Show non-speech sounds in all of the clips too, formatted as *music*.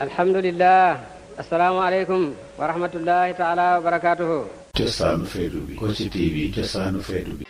الحمد لله السلام عليكم ورحمة الله تعالى وبركاته جسان فيدوبي كوشي تي في جسان فيدوبي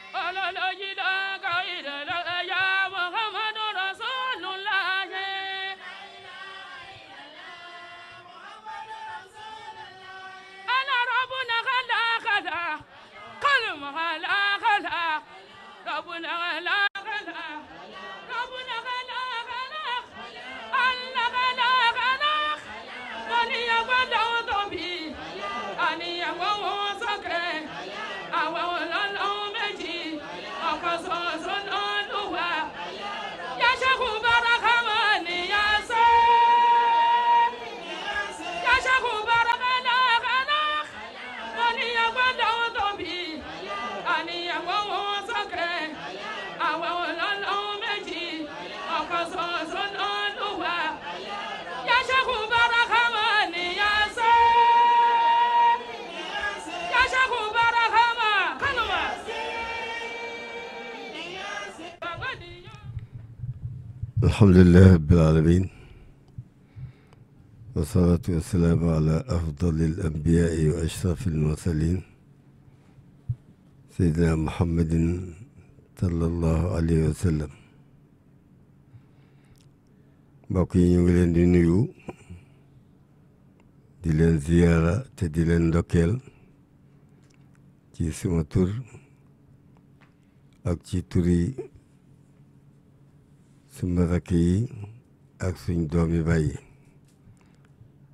الحمد لله رب العالمين والصلاة والسلام على أفضل الأنبياء وأشرف المرسلين سيدنا محمد صلى الله عليه وسلم باقي yi ñu نيو leen di زيارة di leen ziyaara te di leen suñu rakk yi ak suñ doom yi bàyyi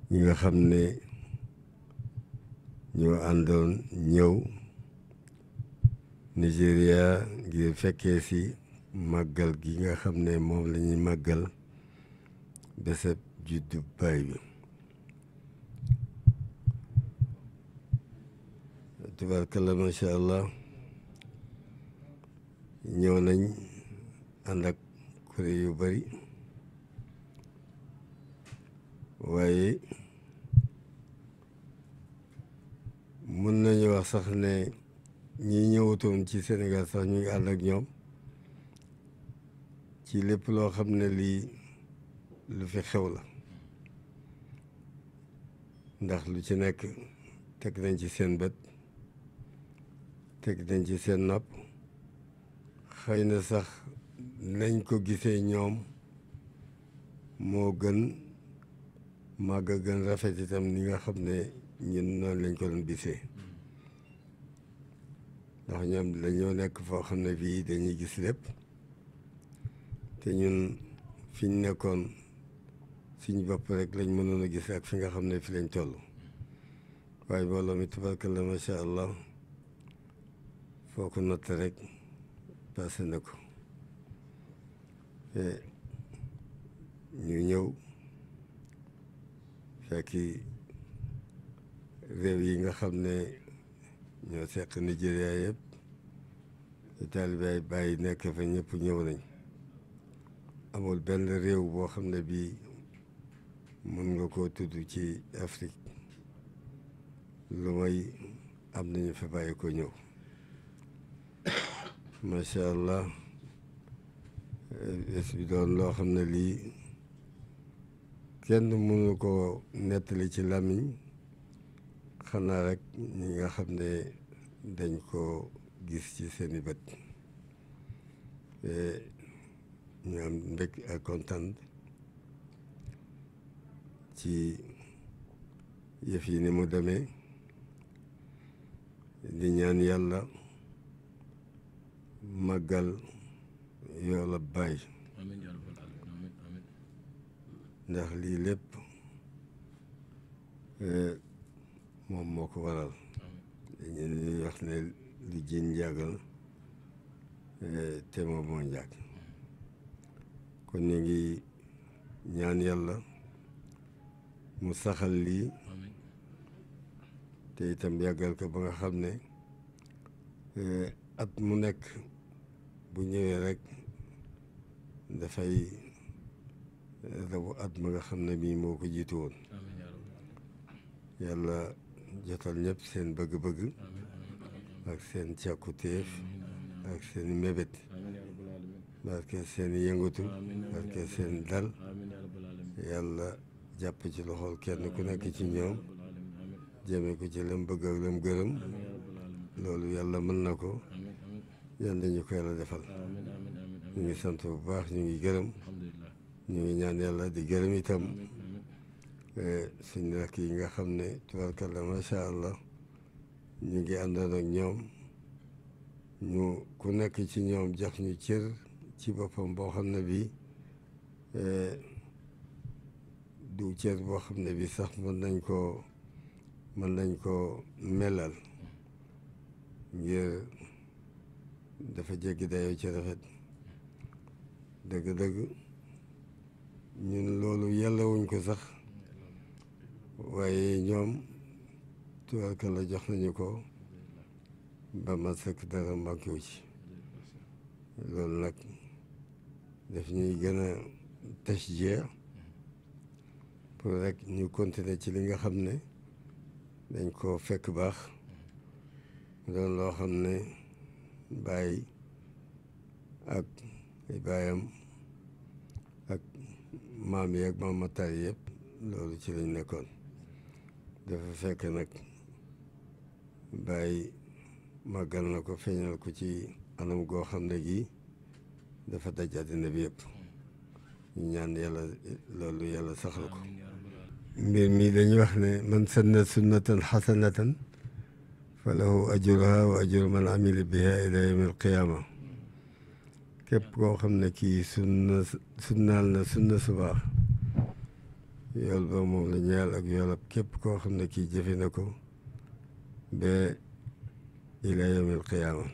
ñi nga xam ne ñoo àndoon ñëw Nigéria ngir fekkee si màggal gi nga xam ne moom la ñuy màggal bésab juddu baay bi tabarkalla allah ñëw nañ ànd kuréel yu bari waaye mën nañu wax sax ne ñi ñëwatoon ci Sénégal sax ñu ngi ànd ak ñoom ci lépp loo xam ne lii lu fi xew la ndax lu ci nekk teg nañ ci seen bët teg nañ ci seen nopp xëy na sax nañ ko gisee ñoom moo gën màgg gën rafet itam ni nga xam ne ñun noonu lañ ko doon gisee ndax ñoom dañoo nekk foo xam ne bii dañuy gis lépp te ñun fi ñu nekkoon suñ bopp rek lañ mënoon a gis ak fi nga xam ne fi lañ toll waaye mbooloo mi tabarkalla macha allah foo ko natt rek passé na ko Eh, ñu ñëw fekki réew yi nga xam ne ñoo seq Nigéria yëpp te taalibaay bàyyi nekk fa ñëpp ñëw nañ amul benn réew boo xam ne bii mën nga koo tudd ci Afrique lu may am nañu fa bàyyi ko ñëw *coughs* macha allah bés eh, bi doon loo xam ne lii kenn mënu ko nettali ci làmmiñ xanaa rek ñi nga xam ne dañ ko gis ci seeni bët eh, ñu am mbég ak kontaan ci yëf yi ni mu demee di ñaan yàlla màggal yoola baay ndax lii lépp eh, moom moo ko waral dañuy wax ne lu jën njàggal eh, te moom moo njàgg kon ñu ngi ñaan yàlla mu saxal lii te itam yàggal ko ba nga xam ne eh, at mu nekk bu ñëwee rek dafay raw at ma nga xam ne mii moo ko jiitu woon yàlla jotal ñépp seen bëgg-bëgg ak seen càkkutéef ak seen mébét barke seen yëngatu barke seen dal yàlla jàpp ci loxol kenn ku nekk ci ñoom jëmee ko ci lam bëgg ak lam gërëm loolu yàlla mën na ko yan dañu ko yàlla defal ñu ngi sant bu baax ñu ngi gërëm ñu ngi ñaan yàlla di gërëm itam eh, suñu rakk yi nga xam ne tubarkalla macha allah ñu ngi àndoon ak ñoom ñu ku nekk ci ñoom jox ñu cër ci boppam boo xam ne bii eh, du cër boo xam ne bii sax mën nañ koo mën nañ koo melal ngir dafa jéggi dayoo ci rafet. dëgg-dëgg ñun loolu yellawuñ ko sax waaye ñoom tubarka la jox nañu ko ba ma sëkk dara màggiwu ci loolu nag daf ñuy gën a tashjeer pour rekk ñu continuer ci li nga xam ne dañ ko fekk baax doon loo xam ne bàyyi ak baayam ak maam yi maam Matar yëpp loolu ci lañ nekkoon dafa fekk nag bàyyi màggal na ko feeñal ko ci anam goo xam ne gii dafa daj àddina bi yëpp ñu ñaan yàlla loolu yàlla saxal ko mbir mi dañuy wax ne man sanna sunnatan xasanatan fa lahu ajruha wa ajru man amila biha ila yawmi alqiyaama képp koo xam ne kii sunna sunnaal na sunna subaax yool ba moom la ñeel ak yoolab képp koo xam ne kii jëfe na ko ba ila yawmil qiyaama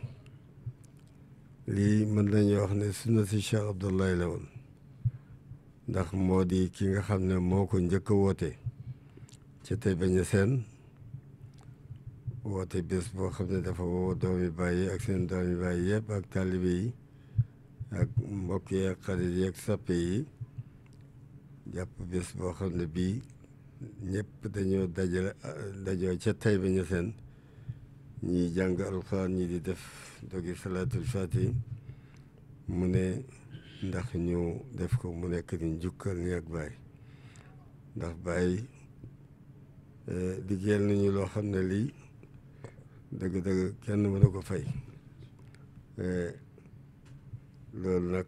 lii mën nañu wax ne sunna si Cheikh Abdoulaye la woon ndax moo di ki nga xam ne moo ko njëkk a woote ci tey bañ a seen woote bés boo xam ne dafa woo doomi bàyyi ak seen doomi bàyyi yëpp ak taalibe yi ak mbokk yi ak xarit yi ak sappe yi jàpp bés boo xam ne bii ñépp dañoo dajale dajoo ca Taïba Niassène ñuy jàng alxuraan ñi di def dogi salaatul faati mu ne ndax ñu def ko mu nekk ni njukkal ni ak Baye ndax Baye liggéeyal nañu loo xam ne lii dëgg-dëgg kenn mënu ko fay e, loolu nag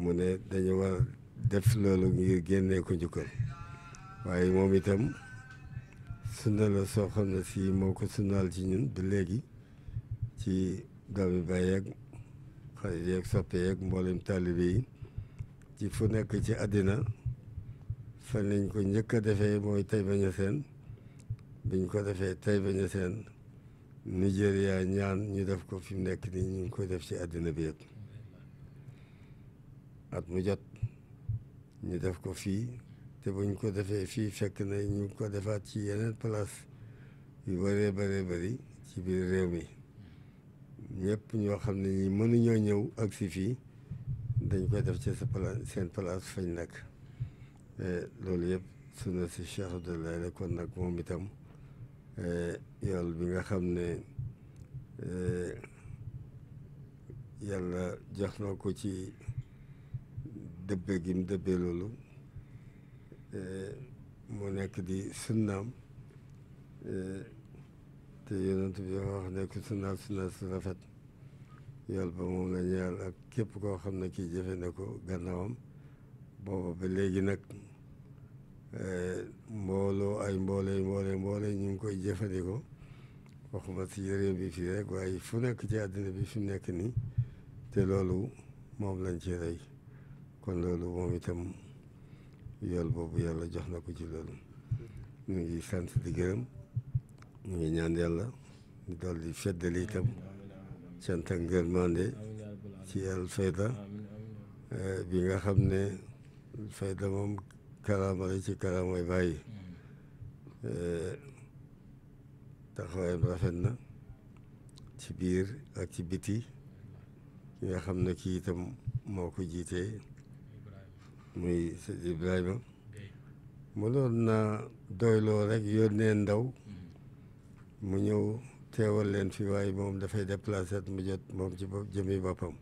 mu ne dañu war def loolu ngir génnee ko njukkal waaye moom itam sunna la soo xam ne si moo ko sunnaal ci ñun ba léegi ci doomi baay yeeg xarit yeeg soppe yeeg mboolem taalibe yi ci fu nekk ci àddina fan lañ ko njëkk a defee mooy Taïba Niassène biñ ko defee Taïba seen Nigéria ñaan ñu def ko fi mu nekk nii ñu ngi koy def ci àddina bi yëpp at mu jot ñu def ko fii te buñ ko defee fii fekk na ñu ngi ko defaat ci yeneen place yu waree bëree bëri ci biir réew mi ñépp ñoo xam ne ñi mënuñoo ñëw ak si fii dañ koy def ci sa place seen place fañ nekk eh, loolu yëpp su na si Cheikh Abdoulaye la kon nag moom itam eh, yool bi nga xam ne eh, yàlla jox na ko ci dëbbe gim dëbbe loolu eh, mu nekk di sunnaam eh, te yonent bi dafa wax ne ku sunnaam sunnaam su rafet yool ba moom la ñeel ak képp koo xam ne kii jëfe na gannaawam booba ba léegi nag mbooloo ay mboolee mboolee mboolee ñu ngi koy jëfandikoo waxuma ci réew bi fii rek waaye fu nekk ci àddina bi fi nekk nii te loolu moom lañ ci rey kon loolu moom itam yool boobu yàlla jox na ko ci loolu ñu ngi sant di gërëm ñu ngi ñaan yàlla di dool di feddali itam cant ak ngërmande ci Al Fayda eh, bi nga xam ne Fayda moom kalaamay ci kalaamay bàyyi eh, rafet na ci biir ak ci biti ki nga xam ne kii itam moo ko jiitee muy sëñ Ibrahima mënoon naa doyloo rek yónnee ndaw mu ñëw teewal leen fi waay moom dafay déplacé mu jot moom ci bopp jëmi boppam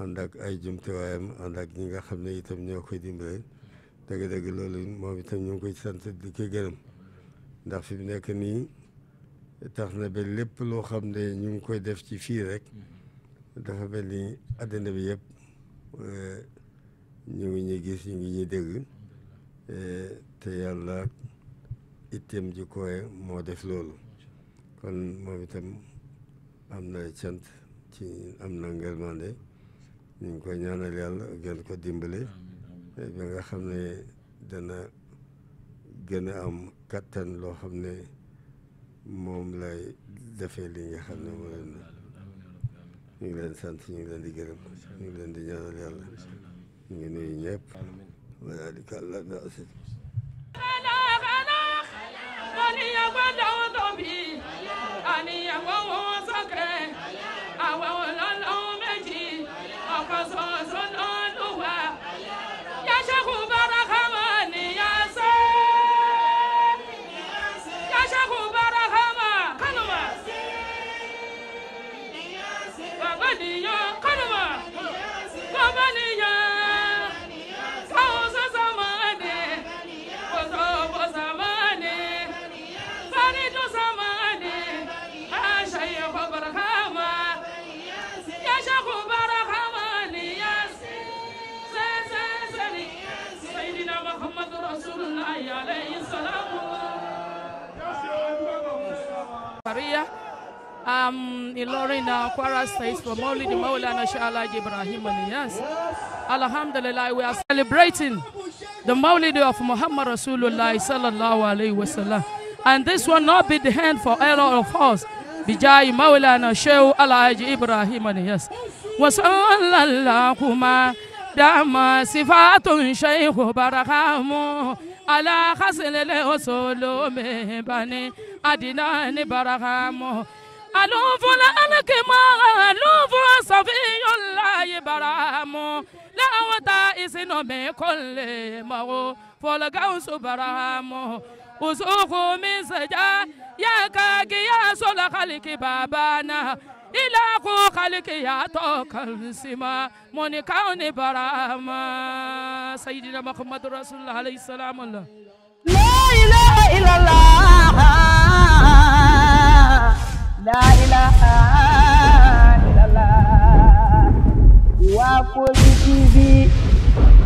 ànd ak ay jumtuwaayam ànd ak ñi nga xam ne itam ñoo koy dimbale dëgg dégg loolu moom itam ñu ngi koy sant di koy gërëm ndax fi mu nekk nii tax na ba lépp loo xam ne ñu ngi koy def ci fii rek dafa mel ni àddina bi yëpp eh, ñu ngi ñuy gis ñu ngi ñuy dégg eh, te yàlla itam ji koy moo def loolu kon moom itam am na cant ci am na ngërmande ñu ngi koy ñaanal yàlla gën ko dimbale ba nga xam ne dana gën am kattan loo xam ne moom lay defee li nga xam ne moo leen ñu ngi leen sant ñu ngi leen di gërëm ñu ngi leen di ñaanal yàlla ñu ngi nuyu ñëpp. wala di kàlla bi um, Ilorin uh, Kwara State for Maulid Maulana Shalaji Ibrahim Niyas. Alhamdulillah, we are celebrating the Maulid of Muhammad Rasulullah Sallallahu Alaihi Wasallam. And this will not be the hand for all of us. Bijai Maulana Shehu Alaji Ibrahim Yes, وصلى اللهم دام shaykh شيخ برقامه على خسل الوصول من بني أدنان برقامه ألوف الألكما ألوف صفي الله برام لا وتائس من كل مرو فالغوث برام وسوق من سجا يا كاكي يا سول خلق بابانا إلى كو خلق يا توكل سما موني كوني برام سيدنا محمد رسول الله عليه السلام الله لا إله إلا الله laa ilaaha illallah waa Kossy TV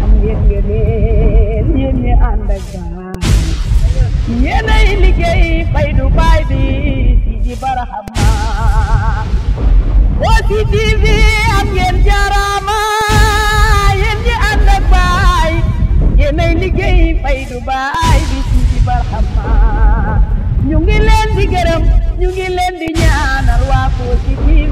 am ngeen ngeen yéen ñi ànd ak gaal liggéey fay du baay bi Sidi Barhama Kossy TV am ngeen jaaraama yéen ñi ànd baay yéenay liggéey fay du baay bi Sidi Barhama ñu ngi leen di gërëm ñu ngi leen di ñaanal waa Kossy